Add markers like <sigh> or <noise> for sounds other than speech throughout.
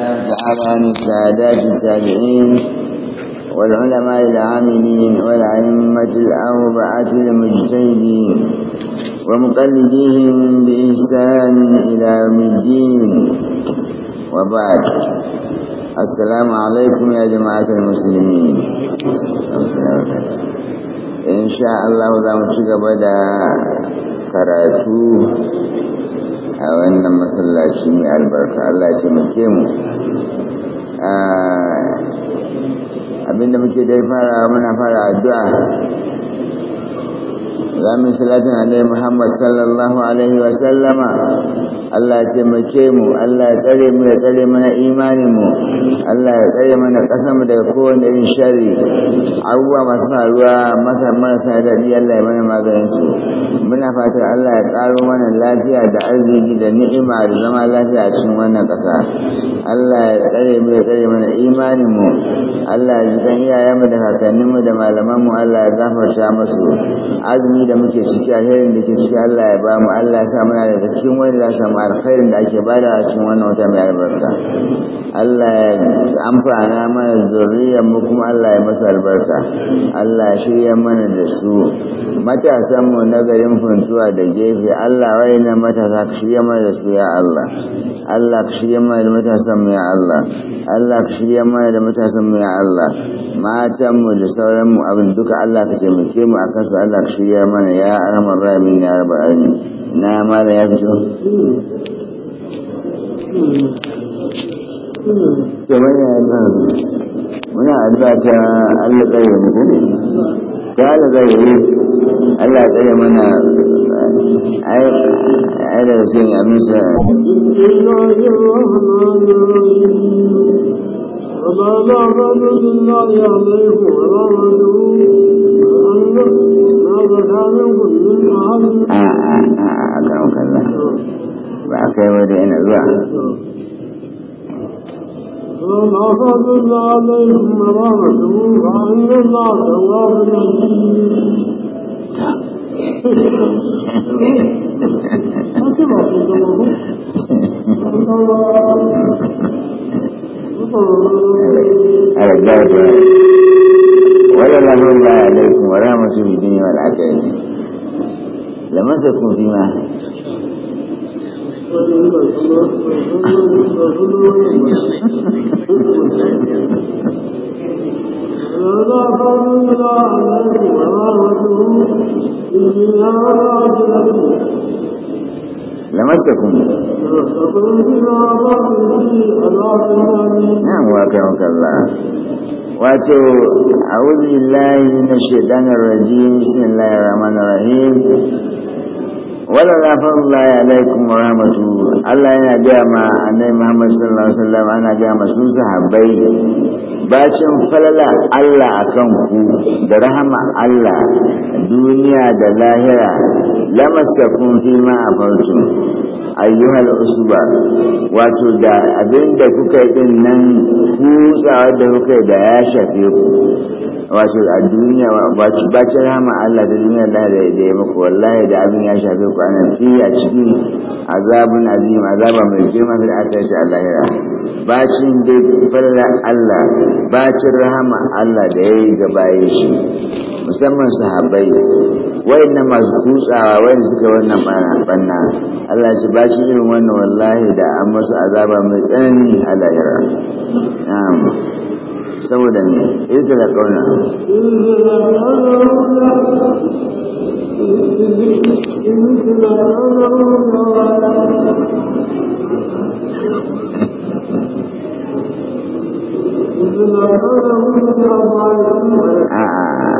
جعلني سادات التابعين والعلماء العاملين والعلمة الأربعة المجتهدين ومقلديهم بإحسان إلى يوم الدين وبعد السلام عليكم يا جماعة المسلمين إن شاء الله ذا مشيك بدا karatu أو إنما صلى mai البركة الله ya Eh, abinda muke dai fara muna fara addu'a za mu salatin alai muhammad sallallahu alaihi wasallama Allah ya taimake mu Allah ya tsare mu ya tsare mana imanin mu Allah ya tsare mana kasan mu daga kowane irin shari. abubuwa masu faruwa masa marasa daɗi Allah ya mana maganin su muna fatan Allah ya karo mana lafiya da arziki da ni'ima da zama lafiya a cikin wannan ƙasa Allah ya tsare mu ya tsare mana imanin mu Allah ya jikan iyayen mu da kakannin mu da malaman mu Allah ya gafarta musu azumi da muke ciki alherin da ke ciki Allah ya ba mu Allah ya sa muna da cikin wanda za su samu alkhairin da ake bada cikin wannan wata mai albarka Allah ya amfana mana zuriyar mu kuma Allah ya masa albarka Allah ya shirya mana da su matasan mu na garin funtuwa da gefe Allah wai na matasa ka shirya mana da su ya Allah Allah ka shirya mana da matasan mu ya Allah Allah ka shirya mana da matasan mu ya Allah matan mu da sauran mu abin duka Allah ka taimake mu akan su Allah ka shirya mana ya arhamar rahimin ya rabbal alamin na mara ya fito nan muna addu'a ta Allah tsaye mu ko ta Allah tsaye Allah tsaye mana ai ai da sun amsa وما لا عليه À, à, à, nữa là a kan kalla ba a kai wadda yana zuwa Thank you. ولا لم الله عليكم ولا مسوا في الدنيا والعكاية لمسكم فيما لمسكم نعم واكرمك الله wato a'udhu na minash shaitanir rajim bismillahir rahmanir rahim wadda la fadlallahi alaikum wa rahmatuhu Allah yana gaya ma annabi Muhammad sallallahu alaihi wasallam ana gaya ma su sahabbai bacin falala Allah a kan ku da rahama Allah duniya da lahira lamasakun fi ma afartum ayyuhal usba wato da abin da kuka yi din nan kutsawa da kuka yi da ya shafe ku wato a duniya bacin rama Allah ta duniya Allah da ya yi muku wallahi da abin ya shafe ku anan fi a cikin azabun azim azaba mai girma fil akhirati allahira bacin da falla Allah bacin rahama Allah da ya yi gabaye shi musamman sahabbai wayannan masu kutsawa wayanda suka wannan banna Allah shi ba shi irin wannan wallahi da an masu azaba mai tsanani a lahira saboda ne ita da kauna Ah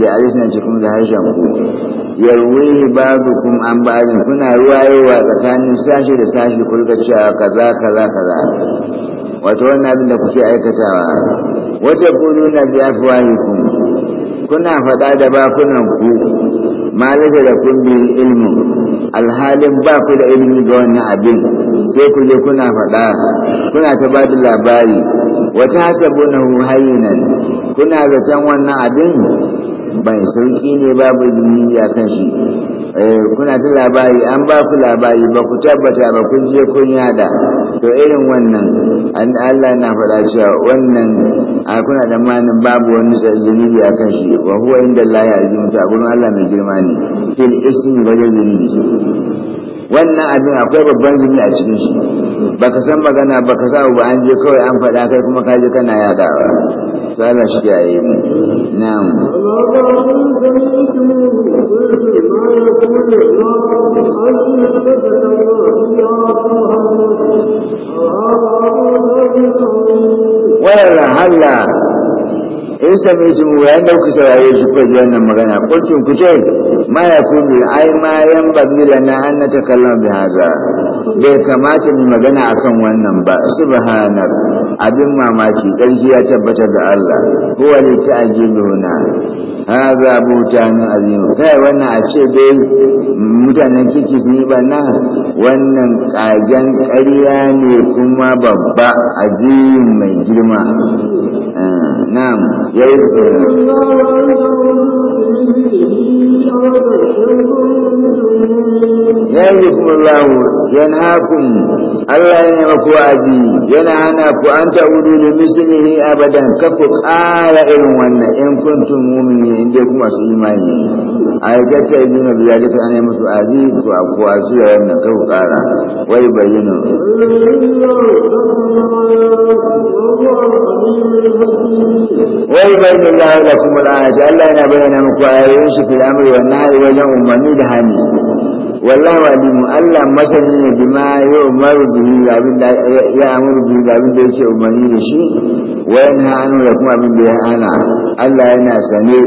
da alisan cikin da harshen ku babu kuma an bajin kuna ruwayewa tsakanin sashi da sashi kulga cewa kaza kaza kaza wato wannan abin da kuke aikatawa wace kuluna bi afwahikum kuna faɗa da bakunan ku malaka da kun bi ilmu alhalin ba ku da ilimi ga wannan abin sai ku je kuna faɗa kuna ta ba da labari wata hasabu na hayinan kuna zaton wannan abin ban sauƙi ne babu ya kan shi eh, kuna ta labari an ba ku labari ba ku tabbata ba kun je kun yada to irin wannan an Allah na faɗa cewa wannan a kuna da manin babu wani zunubi ya kan shi wa huwa inda Allah ya azimu ta gurin Allah mai girma ne fil ismi wajen zunubi wannan abin akwai babban zumi a cikin shi baka san magana baka sa ba an je kawai an faɗa kai kuma ka je kana yadawa to Allah shi ya yi mu نعم ولا هلا in same shi mu yayin da kuka saurare shi kuka ji wannan magana kuncin ma ya ai ma yan bagila na an na takallon bi haza bai kamata mu magana akan wannan ba subhanak abin mamaki ƙarfi ya tabbatar da Allah huwa li ta'jibuna haza butanun azimu kai wannan a ce dai mutanen kiki sun yi banna wannan kagen ƙarya ne kuma babba azim mai girma na'am ya yi Yanke kuma lahu, yana haƙƙunmu. Allah ne ma ko aji. Yana ana ku an ta'udu da misirin abadan, kada ku ƙara irin wannan 'yan tuntun mumin ne, ku masu imani. Ayi da ta yi jimawa da ta yi musu aji ko aji da yadda kawu ƙara. Wai bai yi mu. Yana haƙƙunmu da yana Allah ne bayyana maku a yawancin filayen abu na a yi da hannu. wallahu alimu Allah masani ne bima yau maru bihi ga abin da ya amuru bihi ga abin da yake umarni da shi wa yana anu da kuma abin da ya hana Allah yana sane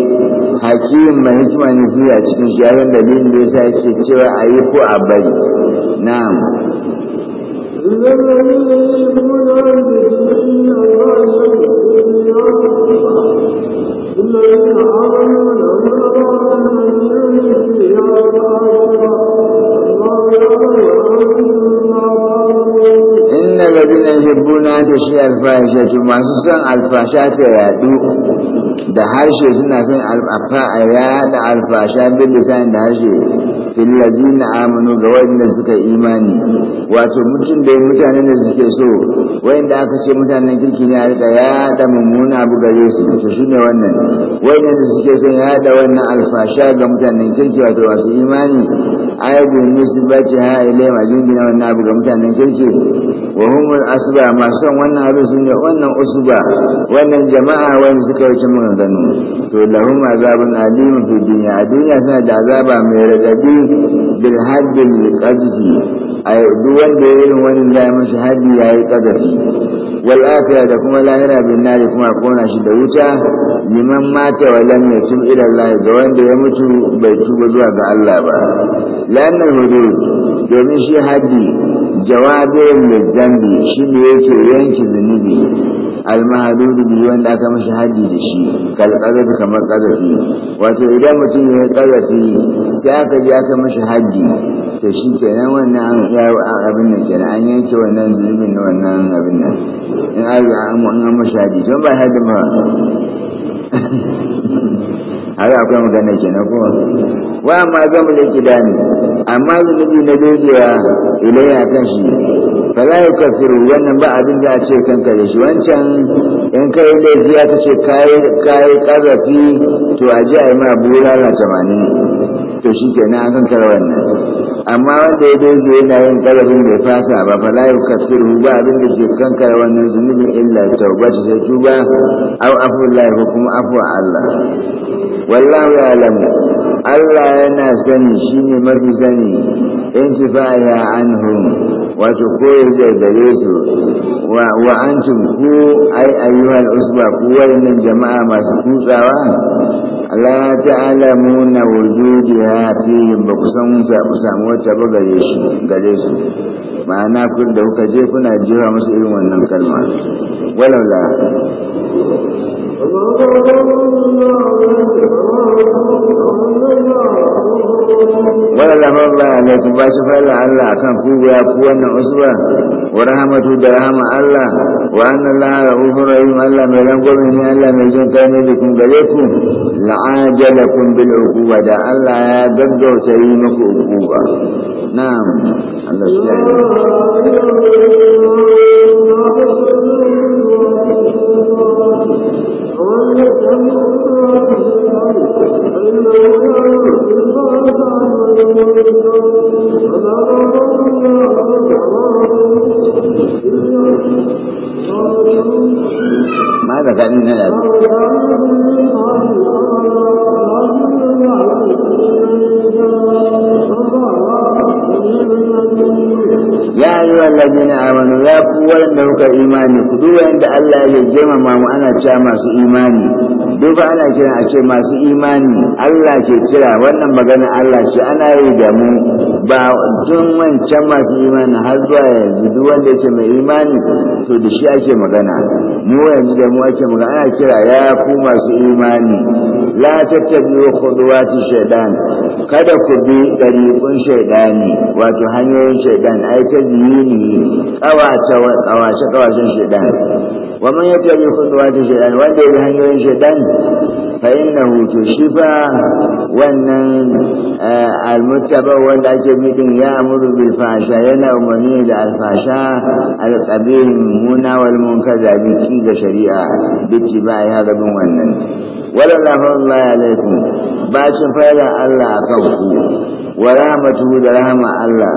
hakim mai hikima ne fiye a cikin shi yayin dalilin da ya yasa yake cewa a yi ko a bari na'am الذين آمنوا لهم أجر in inna ladina yuhibbuna an tashia alfahishatu masu son alfasha ta da harshe suna son alfa a yada alfasha bil lisan da harshe fillazina amanu ga wanda suka imani wato mutum da mutane da suke so wanda aka ce mutanen kirki ne a rika ya da mummuna abu gare su to shine wannan wanda suke so ya da wannan alfasha ga mutanen kirki wato wasu imani aibu nisbati ha ile ma gina wannan abu ga mutanen kirki wa humul asba ma son wannan abu shine wannan usuba wannan jama'a wanda suka wuce mun gano to lahum azabun alim fi dunya a duniya suna da azaba mai radadi bil hajjil qazfi ay duk wanda ya irin wannan da mashi haji yayi qazfi wal afiya da kuma lahira bin nari kuma kona shi da wuta liman mata wa lam yatub ila Allah ga wanda ya mutu bai tuba zuwa ga Allah ba lannan hudud domin shi haji jawabin da zambi shi ne yake yanki zunubi almahadudu biyu wanda aka mashi haji da shi kalkazafi kamar kazafi wato idan mutum ya yi kazafi sai aka ji aka mashi haji ta shi kenan wannan an yawo abin nan kenan an yanke wannan zunubin na wannan abin nan in an mashi haji don ba haji ma har <laughs> akwai magana na kuma wa amma zan mu laki dani amma zunubi na dogewa ilayya kan shi fa la yukaffiru wannan ba abin da a ce kan kare shi wancan in kai laifi ya kace kai kai karafi to a ji a yi ma bulala 80 to shikenan an kan wannan amma wanda ya dozo yana yin karabin bai fasa ba fa kafir yukaffiru ba abin da ke kankara wannan zunubin illa ta sai tuba aw lillahi ko kuma afu Allah wallahu ya'lamu Allah yana sani shine mafi sani intifaya anhum wato koyar da gare su wa antum ku ai ayyuhal usba ku wayannan jama'a masu kutsawa la ta'lamuna wujudiha fi ba ku san samu wata ba gare shi gare shi ma'ana kun da kuka je kuna jira musu irin wannan kalma walaula wala lamarla ku ba shi fa'ila Allah kan ku ya ku wannan usba wa rahmatu da rahama Allah wa anna Allah rahim Allah mai rangwame ne Allah mai jin kai ne bikin gare ku la عاجلكم بالعقوبة دا الله يا قدو سيمك عقوبة نعم الله ماذا كان من هذا allazina amanu ya ku waɗanda kuka imani ku duk wanda Allah ya girmama mu ana cewa masu imani duk ana kira a masu imani Allah ke kira wannan magana Allah ce ana yi da ba tun wancan masu imani har zuwa yanzu duk wanda yake mai imani to da shi ake magana mu yanzu da mu ake magana ana kira ya ku masu imani la tattabi'u khuduwati shaytan kada ku bi ɗariƙun shaidani wato hanyoyin shaidan ai ta zini ƙawace-ƙawacen shaidan wa man ya tabi kun wato wata shaidan wanda ya bi hanyoyin shaidan fayin na hutu shi fa wannan almutaba wanda ake nufin ya amuru bil fasha yana umarni da alfasha alƙabin muna wal munka zabi ki ga shari'a bici ba ya rabin wannan wala rahmatullahi alaikum ba shi fayin allah a kanku wa rahmatuhu da rahama Allah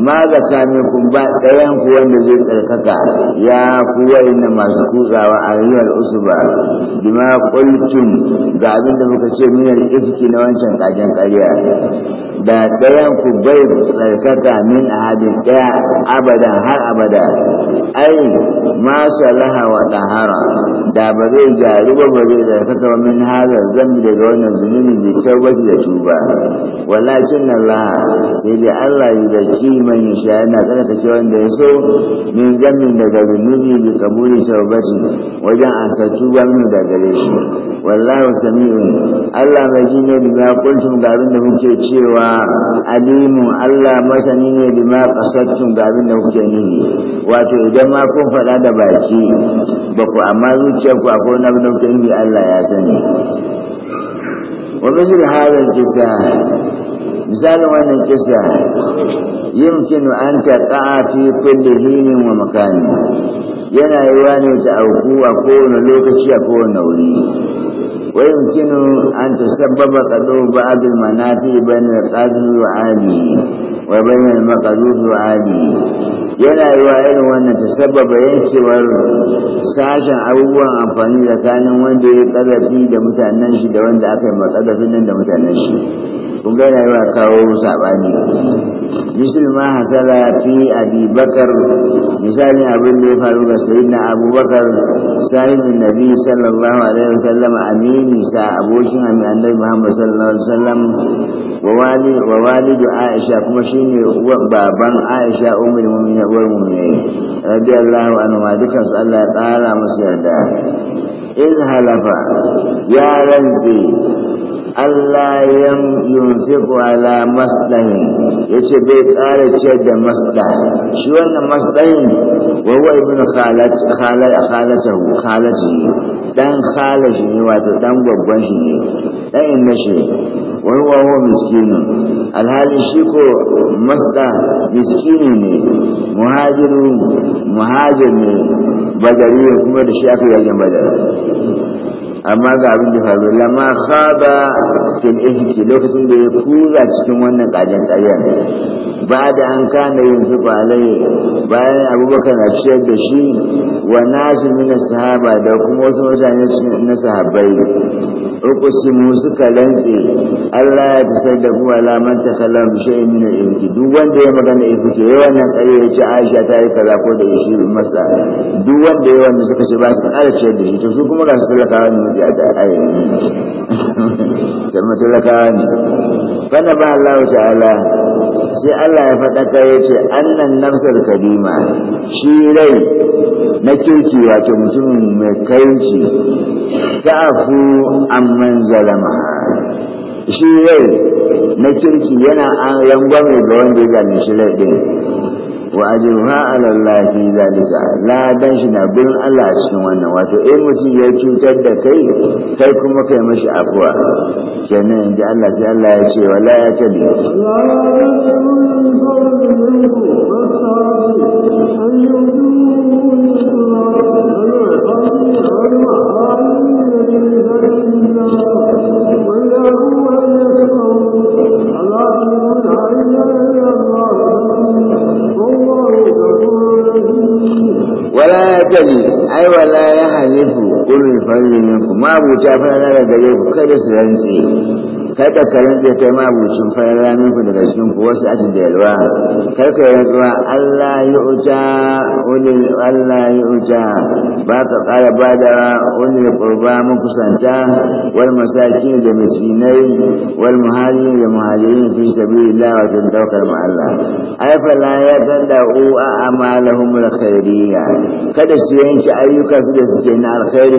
ma ga sami ku ba wanda zai tsarkaka ya ku wa'inda masu kutsawa a rayuwar usuba bima qultum ga abin da muka ce min iski na wancan kagen ƙarya da ɗayan ku bai tsarkaka min ahadin ɗaya abada har abada ai ma salaha wa tahara da ba zai gyaru ba zai tsarkaka min hadha zambi daga wannan zunubi bi tawbati da tuba walakin walakin Allah sai dai Allah ya zaki man sha yana tsarkake wanda ya so min zamin daga zunubi bi kabuli shaubati wajen an asatu wani da gare shi wallahu sami'un Allah mai ji ne bima kuntum da abin da muke cewa alimu Allah masani ne ma kasattum da abin da muke nuni wato idan ma kun faɗa da baki ba ku amma zuciya ku akwai wani abin da muke nuni Allah ya sani wa ومثل hadal الكساء misalin wannan kisa yimkinu an taqa fi kulli hinin wa makani yana yiwa ne ta auku a kowane lokaci a kowane wuri wa kinu an ta tasabbaba qadu ba'd al-manafi bane da qazl wa ali wa bane al-maqdud ali yana yiwa irin wannan ta sababa yankewar sashen abubuwan amfani tsakanin wanda ya ƙarafi da mutanen shi da wanda aka yi makadafin nan da mutanen shi kun ga yana yawa kawo saɓani misali ma hasala fi abi bakar misalin abin da ya faru ga sayyidina abubakar sahibin nabi sallallahu alaihi wasallam amini sa abokin amin annabi muhammad sallallahu alaihi wasallam wa walidu aisha kuma shine baban aisha ummul mu'minin uwar mu'minin radiyallahu anhu ma dukan su Allah ya tsara musu yarda in halafa ya rantse Allah yan yunfiku ala maslahin yace bai ƙara ce da maslah shi wannan maslahin wa huwa ibn khalat khalat khalatahu khalati dan khalashi ne wato dan gwaggwan shi ne dan inna shi wa huwa huwa miskinu alhali shi ko masda miskini ne muhajiru muhajir ne bajari kuma da shi aka yakin bajari. amma ga abin da faru lama khaba fil lokacin da ya kura cikin wannan kajin karyar ba da an kana yin zuba alai bayan abubakar na ciyar da shi wa nasu mina sahaba da kuma wasu mutane na sahabbai uku mu suka rantse Allah ya ci sai da kuwa laman ta kalan bishiyar min al-irki duk wanda ya magana ya fice ya wannan kare ya ce Aisha ta yi kaza ko da shi masa duk wanda ya wanda suka ce ba su kara ciyar da shi to su kuma ga su talakawa ne mutu a ta'ayi Ta <laughs> talakawa ne kana ba Allah ta'ala sai Allah ya faɗaka ya ce annan nafsar kadima shi rai na kirki wato mutumin mai kayanci ta afu amman zalama shi yau na kirki yana an rangwame ga wanda ya gane shi laifin wa a ala Allah fi zalika la dan shi na gurin Allah a cikin wannan wato in mutum ya cutar da kai kai kuma kai mashi afuwa kenan yanzu Allah sai Allah ya ce wala ya ne Thank you. wala ya tali ai wala ya halifu ulul fadli minkum ma abuta fa na daga kada su rantse kada ka rantse kai ma bucin fara ranar ku daga cikin ku wasu aji da yalwa kai ka rantsuwa Allah ya uta wani. Allah ya uta ba ka ƙara ba da ulil kurba mun kusanta wal masaki da misinai wal muhali da muhajirin fi sabilillah wa tun daukar ma Allah ai fa la ya tanda u a amalahum al khairiyya kada su yanke su da suke na alkhairi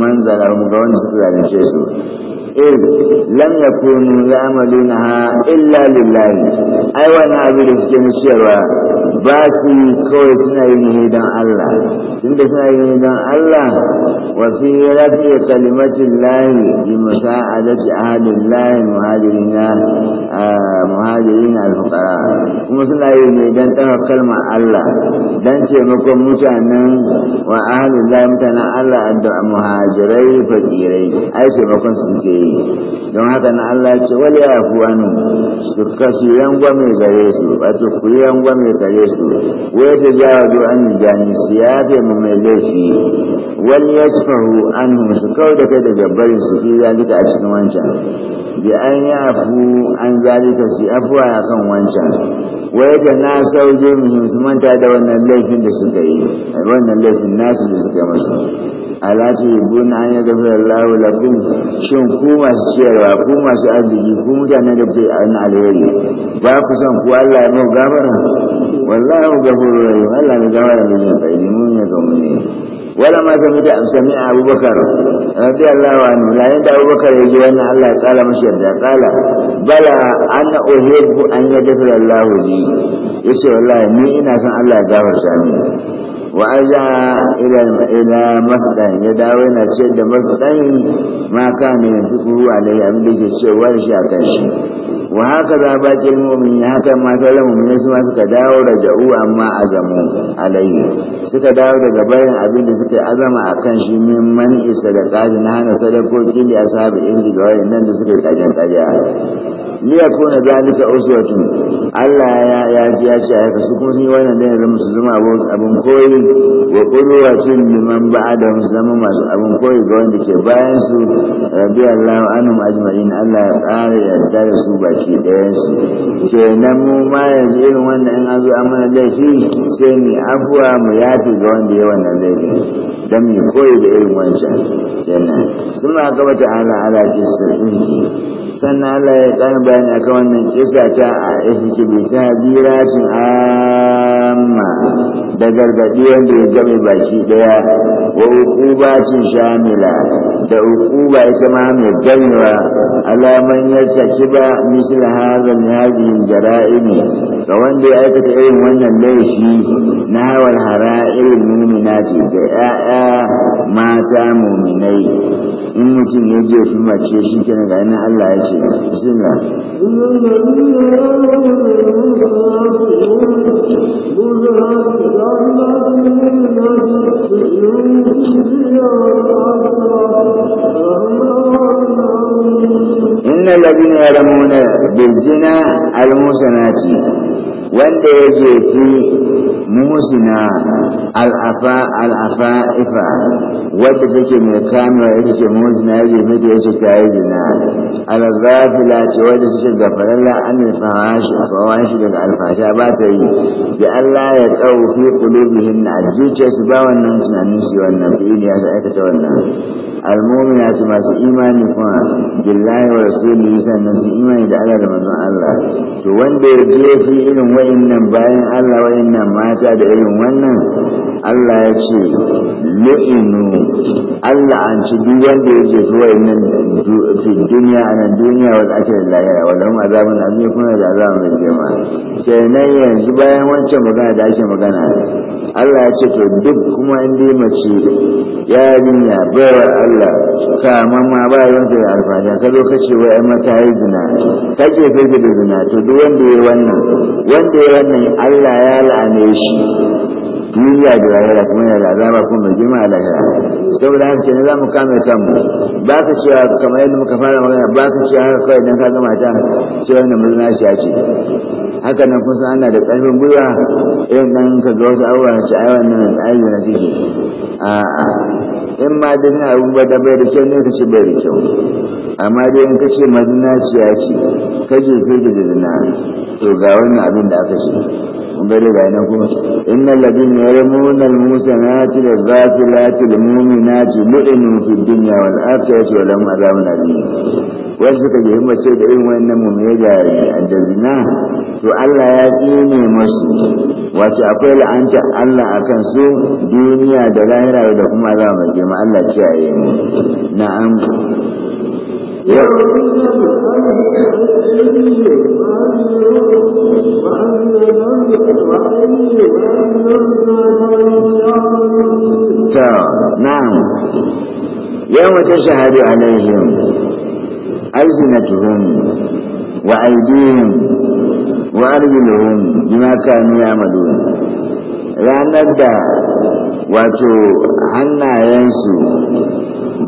manzara mu ga wanda suka zalunce su إذ لم يكونوا يعملونها إلا لله أي وانا أبدا سكين الشيروا باسي كوي سنعينه دان الله سنت سنعينه دان الله وفي رفع كلمة الله بمساعدة أهل الله مهاجرين مهاجرين الفقراء kuma suna yi ne don ɗaga kalmar Allah don taimakon mutanen wa ahalin mutanen Allah da muhajirai fakirai ai taimakon su suke yi don haka na Allah ce wali ya fi wani su kasu mai gare su wato ku mai gare su wai ta jawa du'an jani siyafe mu mai laifi wani ya ci faru an su kawai da kai da gabbarin su fi zalika a cikin wancan bi an yi afu an zalika su afuwa a kan wancan wai da na sauje su manta da wannan laifin da suka yi wannan laifin nasu da suka yi masu alati bun an ya gafi Allah lakum shin ku masu ciyarwa ku masu arziki ku mutane da ke an alheri ba ku san ku Allah ya mu gabara wallahu gafuru rahim Allah ya gafara ne mun ya gamu ne wala ma sami da sami abubakar radiyallahu anhu la yanda abubakar ya ji wannan Allah ya tsala mashi da tsala. bala ana uhibbu an yadfira li yace wallahi ni ina son Allah ya gafarta mini wa aja ila ila masdan ya dawo yana ce da masdan ma kana yanfiku alai abin da ke cewa shi akan shi wa haka za baki mu'min ya haka ma sauran mu'min su ma suka dawo da ja'u amma azamu alai suka dawo daga barin abin da suka azama akan shi min man sadaqati na hana sadakoki li ashabi inda ga wayannan da suka kajan kaja liyakuna zalika uswatun Allah ya ya ce ya kasu kuma ni wannan da yanzu musu zama abun koyi wa qudwatin liman ba'dahum zama masu abin koyi ga wanda ke bayan su radiyallahu anhum ajma'in Allah ya ƙara yarda da su baki ɗayan su nan mu ma yanzu irin wannan in an zo an mana laifi sai ni abuwa mu yafi ga wanda ya wannan laifi dan mu koyi da irin wancan kenan suna gaba ta ala ala kisar inki sannan Allah ya ƙara bayani akan wannan kisa ta a ifki bi ta zirashin amma da gargaɗiwa wanda ya game baki daya wa hukuba cin shamila da hukuba ita ma mai gamewa alaman ya saki ba misal hazan hadin jara'imi ga wanda ya aikata irin wannan laifi na hawar hara irin mumina ce da ‘ya'ya mata muminai in mutum ya je fi mace shi ke ga yana Allah ya ce bismillah إن الذين يرمون بالزنا المحسنات wanda ya jefi musina al'afa al'afa ifa wadda take mai kamar ita ce musina ya jefe ta yake ta yi zina ala zafila ce wadda suke gafarar la'an fawashi a fawashi daga alfasha ba ta yi bi Allah ya tsawo fi kulubihin na zuciya su ba wannan tunanin su wannan fi'ili ya aikata wannan almomina su masu imani kuma billahi wa rasulihi sannan su imani da Allah da manzon Allah to wanda ya jefi irin wa'annan bayan Allah wa'annan mata da irin wannan Allah ya ce lu'inu Allah an ci duk wanda ya je zuwa nan duniya a nan duniya wal akhir lahira wal hum azabun azim kuma da azabun mai girma kenan yanzu bayan wancan magana da ake magana Allah ya ce to duk kuma in dai mace yarinya bayar Allah kama ma ba yanzu da alfada ka zo ka ce wa ya mata yi zina ta ke da zina to duk wanda ya wannan wanda ya wannan Allah ya la'ane shi duniya da lahira kuma yana da azaba kuma mai girma a lahira saboda haka kenan za mu kame kanmu ba ka cewa kamar yadda muka fara magana ba ka cewa haka kawai idan ka gama ta cewa wannan mazinaciya ce haka nan kun san ana da ƙarfin gwiwa irin nan ka ga wasu abubuwa ce ai wannan ayyana na ciki a'a in ma da na abubuwa da bai da kyau ne ka ce bai da kyau amma dai in ka ce mazinaciya ce ka jefe da zina to ga wannan abin da aka ce bari ga nan kuma innal ladina yarmuna al musanati wal ghafilati al mu'minati lu'inu fid dunya wal akhirati wa lahum adhabun alim wanda suka ji himmace da irin wannan mu mu'mini jari da zina to Allah ya tsine musu wato akwai la'anta Allah akan su duniya da lahira da kuma azaba mai girma Allah kiyaye mu na'am نعم يوم تشهد عليهم ألسنتهم وأيديهم وأرجلهم بما كانوا يعملون ranar da wato hannayensu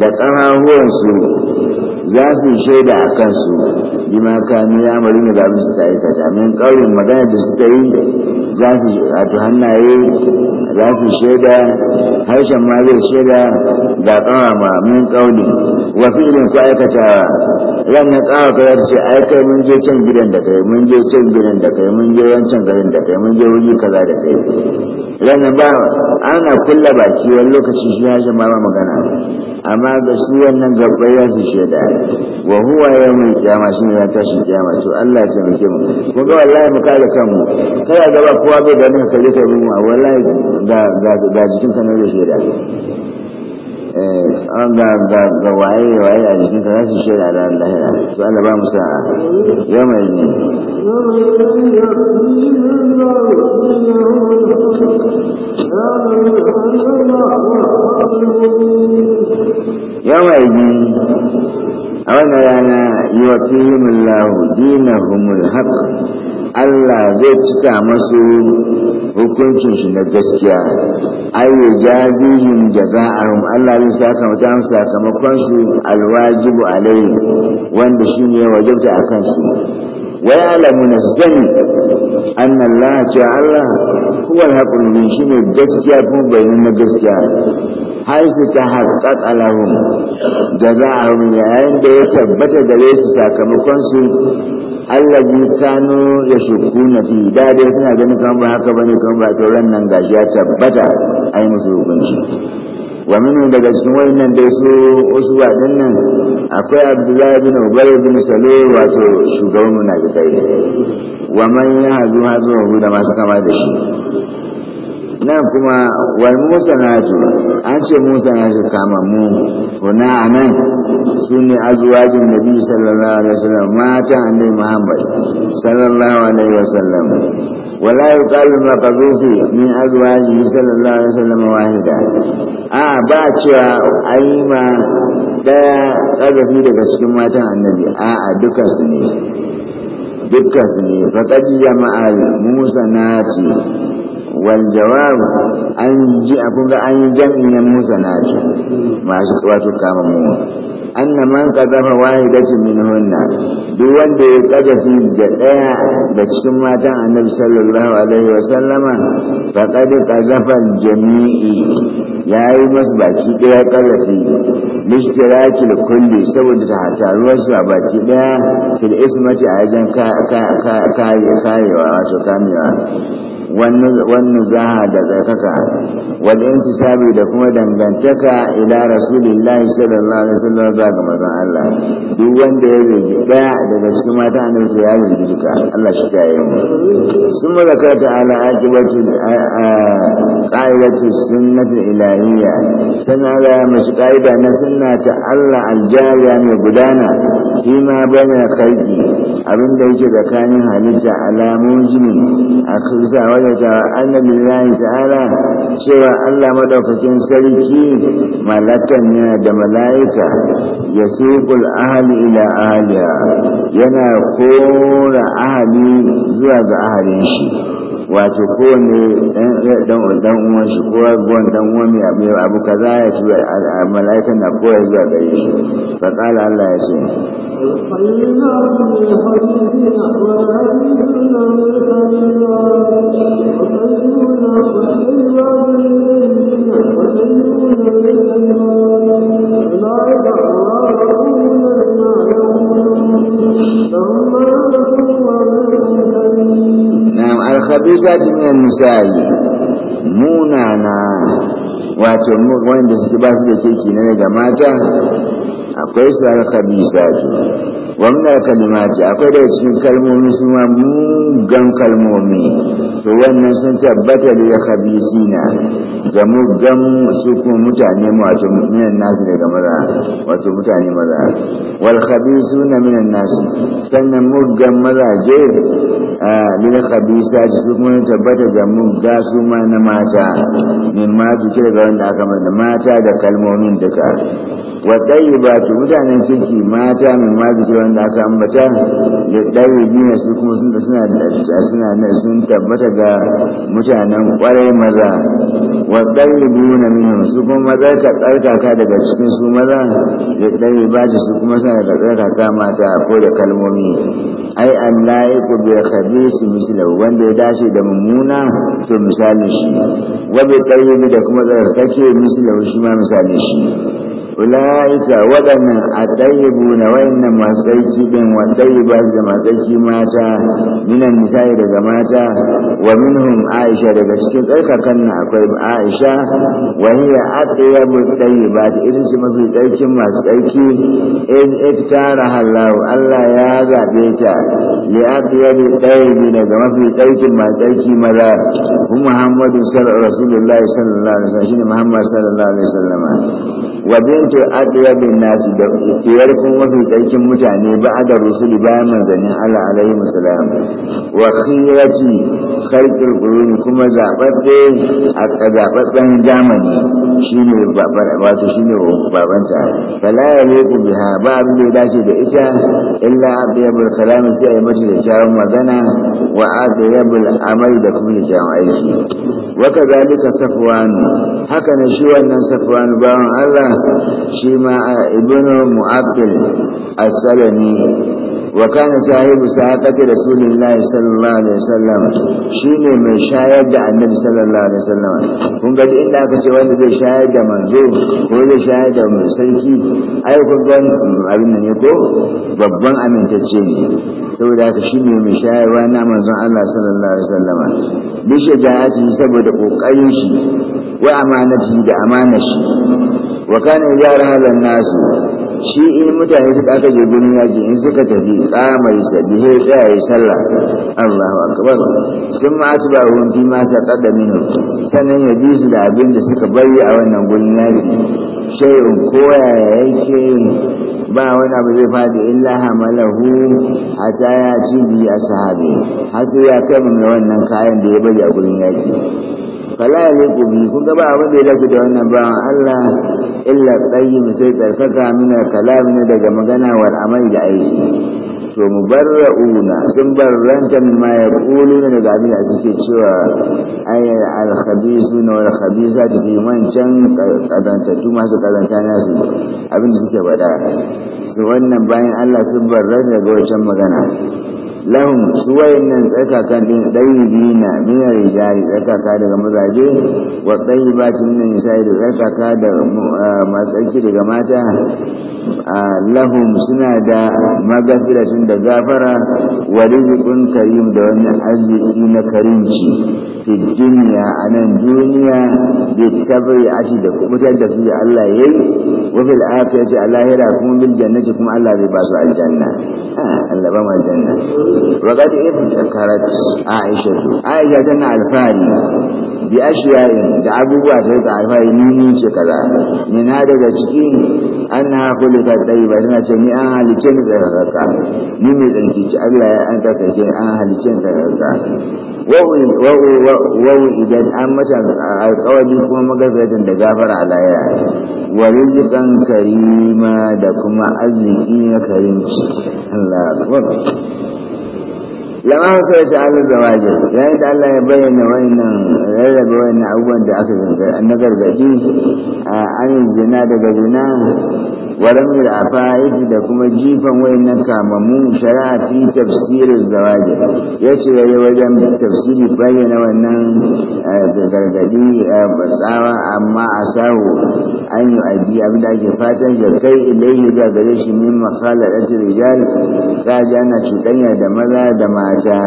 da ƙafafuwansu za su shaida a kansu bima kanu ya mari da abin ta aikata min kawai magana da suka yi za su wato hannaye za su shaida harshen ma zai shaida ga ƙawa ma min Wasu wa su ku aikatawa na ƙawa ka yarce ce ai kai mun je can gidan da kai mun je can gidan da kai mun je wancan garin da kai mun je wuri kaza da kai ranar ba ana kulla baki wani lokaci shi ya harshen ma magana amma ga shi wannan gabbai ya su shaida wa huwa ya mun kiyama shi ne ya tashi kiyama to Allah ya taimake mu kuma wallahi mu kare kanmu kada gaba kowa bai ganin kalli ta ruma wallahi ga jikin ka ne zai shaida eh, an ga ga ga waye waye a jikin ka zasu shirya da Allah ya to Allah ba mu sa'a yau mai ne yau mai ne wannan rana yi wa lahu dinahumul haq Allah zai cika masu hukuncin shi na gaskiya ayyu jazihim jaza'ahum Allah zai saka mutan sakamakon su alwajibu alaihi wanda shine wajibta akan su wa ya'lamu nazani anna Allah Kuwar haƙuri shi ne gaskiya kuma bayanin na gaskiya haisu ta haƙaƙ alahun da za a yayin da ya tabbata gare su sakamakon su ji kanu ya shuku na fi dade suna ganin kan ba haka bane kan ba tauran nan gajiya tabbata a yi musu hukunci wa daga cikin wayannan dai su wasu wadan nan akwai abdullahi bin ubay bin salo wato shugaban munafikai wa man yahzu hazu da masu kama da shi nan kuma wal na an ce Musa musanatu kama mu kuna anan su ne azuwajin nabi sallallahu alaihi wasallam matan annabi muhammad sallallahu alaihi wasallam wala yuqalu maqdufi min azwajihi sallallahu alaihi wasallam wahida a ba cewa aima daya fi daga cikin matan annabi a a duka su ne dukkan su ne Musa jama'a musanati والجواب أن جاءكم عن جمع المسنات ما شكوات كاممون أن من قذف واحدة منهن بوان دي دون بيقذف الجتاء ما تعالى النبي صلى الله عليه وسلم فقد قذف الجميع يا يمس باكي يا قذفي لاشتراك الكل سود تحت الوسط باكي في الإسمة عجن كايوا وتكاميوا wannan zaha da tsarkaka wadda yanci sabi da kuma dangantaka ila rasulullahi sallallahu alaihi wasallam ba ga mazan Allah duk wanda ya zai daya daga cikin mata annabi sai ya zai duka Allah shi ga yau sun ma zaka ta ala akibatu qaidatu sunnati ilahiyya sanan ga mai qaida na sunna ta Allah aljariya mai gudana kima bayan kai abinda yake da kanin halitta alamun jini a kusa kaunatawa annabillahi ta'ala cewa Allah madaukakin sarki malakan yana da mala'ika ya suƙul ahali ila ahaliya yana kora ahali zuwa ga ahalin shi wato ko ne dan dan dan uwan shi ko abuwan dan uwan mai abu abu kaza ya ci malaika na koya zuwa gare shi fa qala Allah ya ce khabisati minan nisa'i munana wato wanda suke ba su da kirki na ga mata akwai su aka khabisati wa min kalimati akwai da cikin kalmomi su ma mugan kalmomi to wannan sun tabbata da khabisina ga mugan su ko mutane wato minan nasu daga maza wato mutane maza wal khabisuna minan nasu sannan mugan mazaje Ah, lil ji su kuma tabbata da mun ga su ma na mata min ma duke da wanda aka mana mata da kalmomin duka wa ba tayyibatu mutanen kirki mata min ma duke wanda aka ambata da tayyibina su kuma sun da suna suna ne sun tabbata ga mutanen kwarai maza wa na mun su kuma maza ka tsarkaka daga cikin su maza da tayyibatu su kuma suna da tsarkaka mata ko da kalmomi ai Allah ya ku bi mislahu wanda ya dace da mummuna to misalin shi wa bi da kuma tsarkake mislahu shi ma misalin shi ulaika waɗannan a ɗayyabu na wayannan masu tsarki ɗin ba ɗayyaba da masu tsarki mata minan nisa'i daga mata wa minhum aisha daga cikin tsarkakan na akwai aisha wa hiya atyabu ɗayyaba da irin su mafi tsarkin masu tsarki in iftara hallahu Allah ya zaɓe ta li atyabu ɗayyabi daga mafi tsarkin masu tsarki maza kuma Muhammadu sallallahu alaihi wasallam shine Muhammad sallallahu alaihi wasallam wa bin kasance Bin nasi da fiyar kun mafi tsarkin mutane ba da rusuli bayan manzannin Allah alaihi musulam wa khirati khalqul kuruni kuma zababbe a zababben zamani shine wato shine babanta fala leku biha ba abin da ya dace da ita illa a atyabul kalam sai yi mashi da kyawun magana wa a atyabul amai da kuma da kyawun aiki wa kadhalika safwan haka ne shi wannan safwan bawan Allah shi ma ibn mu'abbil as-salami wa kana sahibu sahaqati rasulillah sallallahu alaihi wasallam shine mai shayar da annabi sallallahu alaihi wasallam kun ga inda aka ce wanda zai shayar da manzo ko zai shayar da mai sarki ai kun ga abin nan ne ko babban amintacce ne saboda haka shine mai shayarwa na manzon Allah sallallahu alaihi wasallam bi shaja'ati saboda kokarin shi wa amanati da amanar shi wa kana yara halan nasu shi in mutane suka aka je gurin yaji in suka tafi kamar sa bihe tsaye sallah Allahu akbar sun ma ba hun fi ma sa min sanan ya bi su da abin da suka bari a wannan gurin yaji shay'un koya yake ba wani abu zai fadi illa hamalahu a tsaya ci bi ashabi har sai ya kai mun wannan kayan da ya bari a gurin yaji fala ku bi kun ga ba abin da ya dace da wannan bawan Allah illa qayyim sai tsarkaka min kalami na daga magana wal amal da aiki to mubarrauna sun barranta min ma ne daga abin da suke cewa ay al khabisuna wal khabisat fi man can kadanta tu masu kadanta nasu abin da suke faɗa su wannan bayan Allah sun barranta daga wancan magana lahum su wayannan tsakaka din dayyibina min rijali tsakaka daga mazaje wa tayyibatin nan sai da tsakaka da ah, matsarki daga mata ah, lahum suna da sun da gafara wa rizqun karim da wani arziki na karinci fi duniya a nan duniya bi tabri ashi da kubutar da su Allah yayi wa fil akhirati a lahira kuma bil jannati kuma Allah zai ba su aljanna ah, Allah ba mu aljanna وقد ابتكرت عائشة عائشة جنة الفاري بأشياء دعبوا تلك الفاري مين كذا من هذا الشكين أنها خلقت طيبة لنا جميعا لكن تغرقا من يتنكيش ألا أنت تكين أنها لكن تغرقا وهو إذا أمت القوضي كما مغفرة تغافر على ورزقا كريما دكما أزكي كريم الله أكبر lama sai ta Allah zawajin yayin da Allah ya bayyana wannan rarrabe wannan abubuwan da aka zanga na gargadi a an zina daga zina ورمي العفائف da kuma jifan wayannan kamammu shari'a fi tafsirin zawaji ya ce yayi wajen tafsiri bayyana wannan eh, gargadi tsawa eh, amma a sahu an yi aji abin ake fatan ya kai ilayhi da gare shi min makhalati rijal ta ji ana cuɗanya da maza da mata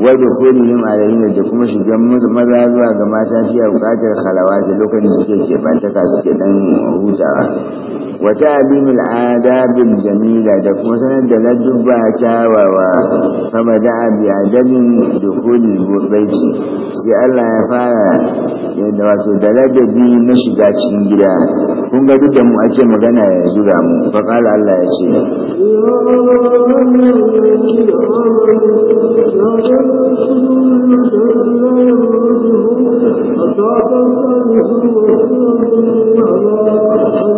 wa dukulihim alayhi da kuma shigan maza zuwa ga mata fiye buƙatar halawa da lokacin da suke suke dan hutawa وتعليم الآداب الجميلة دفوسنا دلدب كاواوا فبدأ بأدب دخول البيت سي الله يفعل wato da ladabi na shiga cikin gida kun ga duk da mu ake magana ya zura mu fa qala Allah ya ce Allah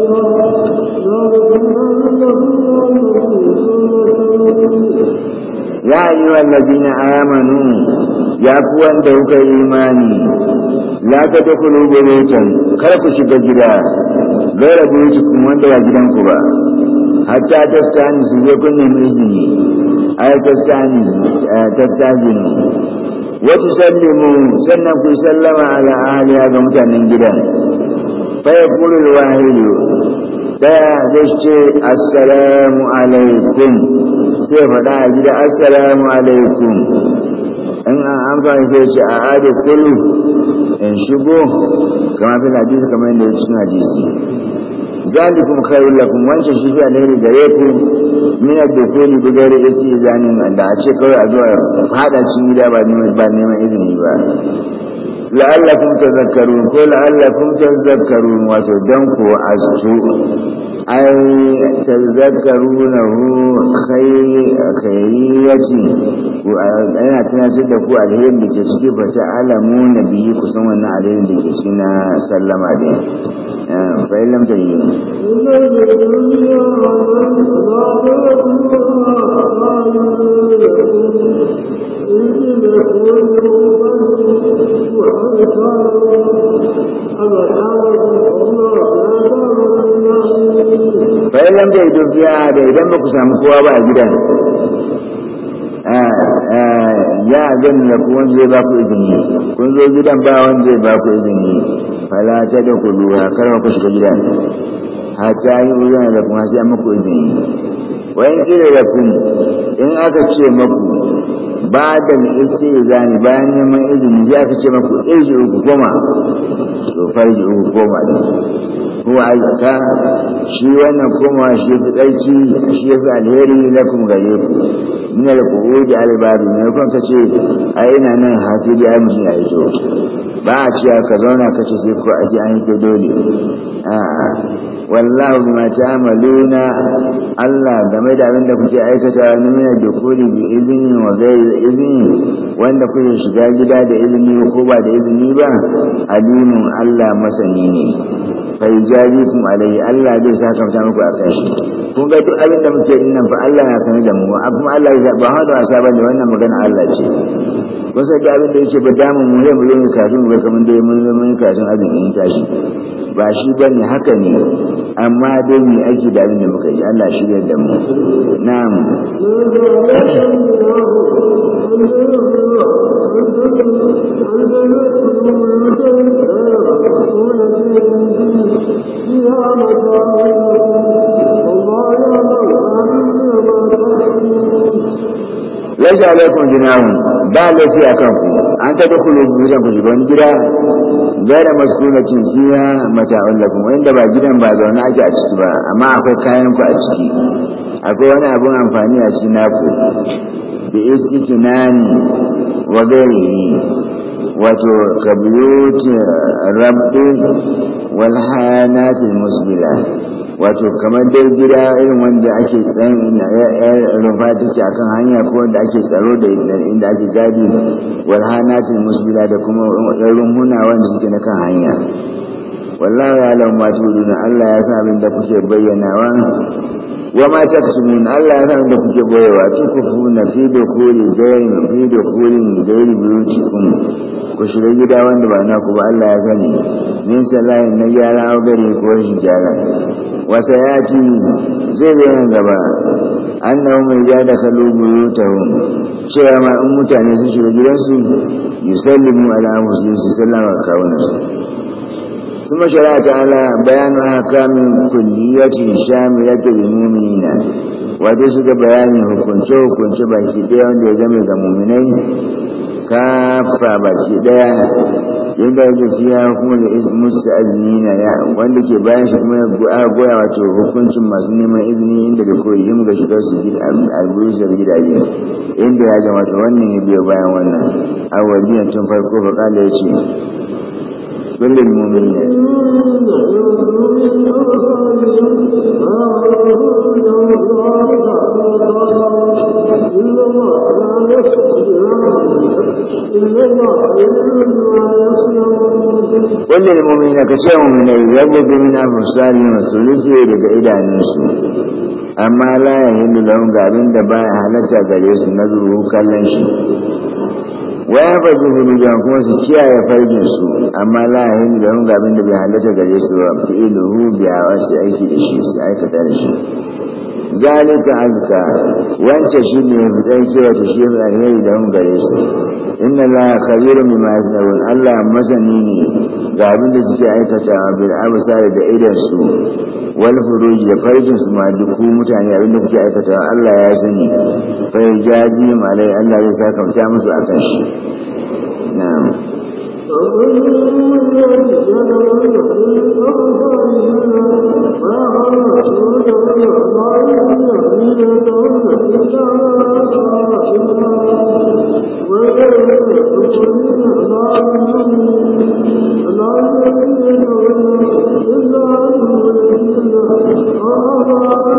ya ayyuhal ladina amanu ya fi wanda kuka yi ta la tadkhulu buyutan kar ku shiga gida da gaira kuma wanda ba gidanku ba hatta tastani su je kun nemi izini ay tastani tastajinu eh, wa mu sannan ku sallama ala ahliha ga mutanen gida. fa yaqulu wahilu. wahidu zai ce assalamu alaikum sai faɗa a gida assalamu alaikum in an amfani sai ce a adi kulu in shigo kama fi hadisi kamar yadda cikin hadisi kuma khairul lakum wancan shi fi alheri da ku min da gari bi ghairi istizanin da a ce kawai a zuwa fada cin gida ba neman izini ba لعلكم تذكرون قل لعلكم تذكرون وتدنكوا عزتوا أي تذكرونه خير خيرية وأنا تنسي لكو عليهم بتسكي فتعلمون به قصوما عليهم بتسكينا سلم عليهم آه، فإن لم تجدون إن bayan lam da ido biya da idan muku samu kowa ba a gidan ya zan da ku wanzu zai ba ku izini kun zo gidan ba wanzu zai ba ku izini fala ta da ku lura kar ku shiga gidan hata yi uzana da kuma sai muku izini wani kira da kun in aka ce maku ba da istizani bayan neman izini ya ka ce maku irji uku koma to farji uku koma din huwa ayyuka shi wannan koma shi fi tsarki shi ya fi alheri lakum gare ku min alquudi albabi ne kun ka ce a ina nan hasidi ai mutum ya to ba a ce ka zauna ka ce sai ko ai an yi dole a wallahu bima ta'maluna Allah game da abin da kuke aikata na mina dukuri bi izini wa gairi izini wanda kuke shiga gida da izini ko ba da izini ba alimun Allah masani ne fa yajibu alai Allah zai saka muku a kai kun ga duk abin da muke nan fa Allah na sani da mu kuma Allah ya ba hada wasa da wannan magana Allah ce wasu ga abin da yake ba damu mu ne mu yi kafin ba kamar dai mun zama yin kafin azumi mun tashi ba shi bane haka ne amma dai ni aiki da abin da muka yi Allah shi da mu na'am Thank <laughs> you. laisa alaikum junahun ba laifi a kanku an ta duk kulu gidan ku shiga wani gida gaira maskunatin fiya mata'un lakum wanda ba gidan ba zaune ake a ciki ba amma akwai kayan ku a ciki akwai wani abun amfani a ciki naku da istikinani wa gairihi wato kabiyoti rabbi walhanati musbila wato kamar dai gida irin wanda ake tsan rufa take akan hanya ko da ake tsaro da inda ake gadi walhanati musbila da kuma yan muna wanda suke na kan hanya wallahi alam ma tuduna Allah ya sa abin da kuke bayyana wa? wa ma ta kasu min Allah ya san da kuke boyewa ci ku na fi da kuri gairin fi da kuri gairi buyuci kun ku shiga gida wanda ba na ku ba Allah ya sani min salahin na gyara a gari ko shi gyara wasa ya ci zai zo nan gaba an na umar ya da kalu buyutahum cewa ma mutane sun shiga gidansu Yi yusallimu ala musulmi su sallama kawunansu ثم شرع تعالى بيان أحكام كلية شاملة للمؤمنين وتسك بيان hukunce hukunce baki ɗaya wanda ya المؤمنين ga muminai kafa baki ɗaya yadda yake kuma da musta azumi ya wanda ke bayan shi kuma ya goya wato hukuncin masu neman izini inda da koyi yin ga shigar su alburu su gidaje inda ya zama wannan ya biyo bayan wannan tun farko fa kala ya للمؤمنين wanda na kashe mummuni ne yadda min amsali masu rufe daga idanunsu amma la ya hindu lahun ga abin da baya halatta gare su na zuru kallon shi wa ya faɗi hurujan kuma su kiyaye farkin su amma lahin da hunga abin da bai halatta gare su ba fi iluhu wa su aiki da shi su aikata da shi zalika azka wancan shi ne fitan kira ta shi mai alheri da hunga gare su inna allaha mai masu yasnaun allah masani ne ga abin da suke aikata bil absar da idan su والفروج قريب ما دخوم تاني أبن نفتي أكتا الله يا سني فيجازيهم علي أن لا يساكم كامس أكتش نعم Allah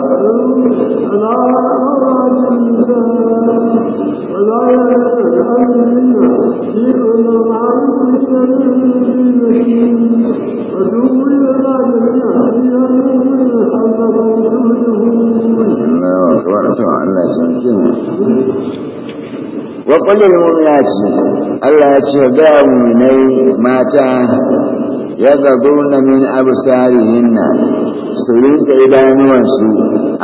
wakwallin muminati Allah ya ce ga muminai mata ya min abu min abusarihinna su rinsa idanuwansu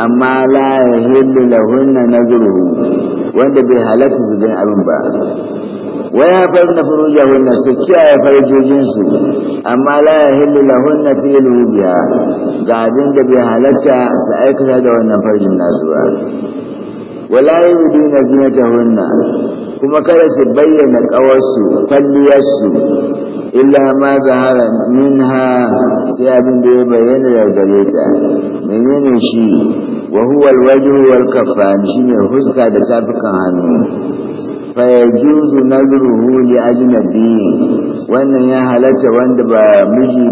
amma la ya hillu lahunna nazruhu wanda bai halatta su din abin ba ya far na furujahunna su kiyaye farjojinsu amma la ya hillu lahunna fi biha ga abin da bai halatta su aikata da wannan farjin nasu ba wala zinata zinatahunna kuma kada su bayyana ƙawarsu kwalliyarsu illa ma zahara minha sai abin da ya bayyana daga gare ta menene shi wa huwa alwajhu wal kafan shine huska da safukan hannu fa yajuzu nazruhu li ajnabi wannan ya halatta wanda ba miji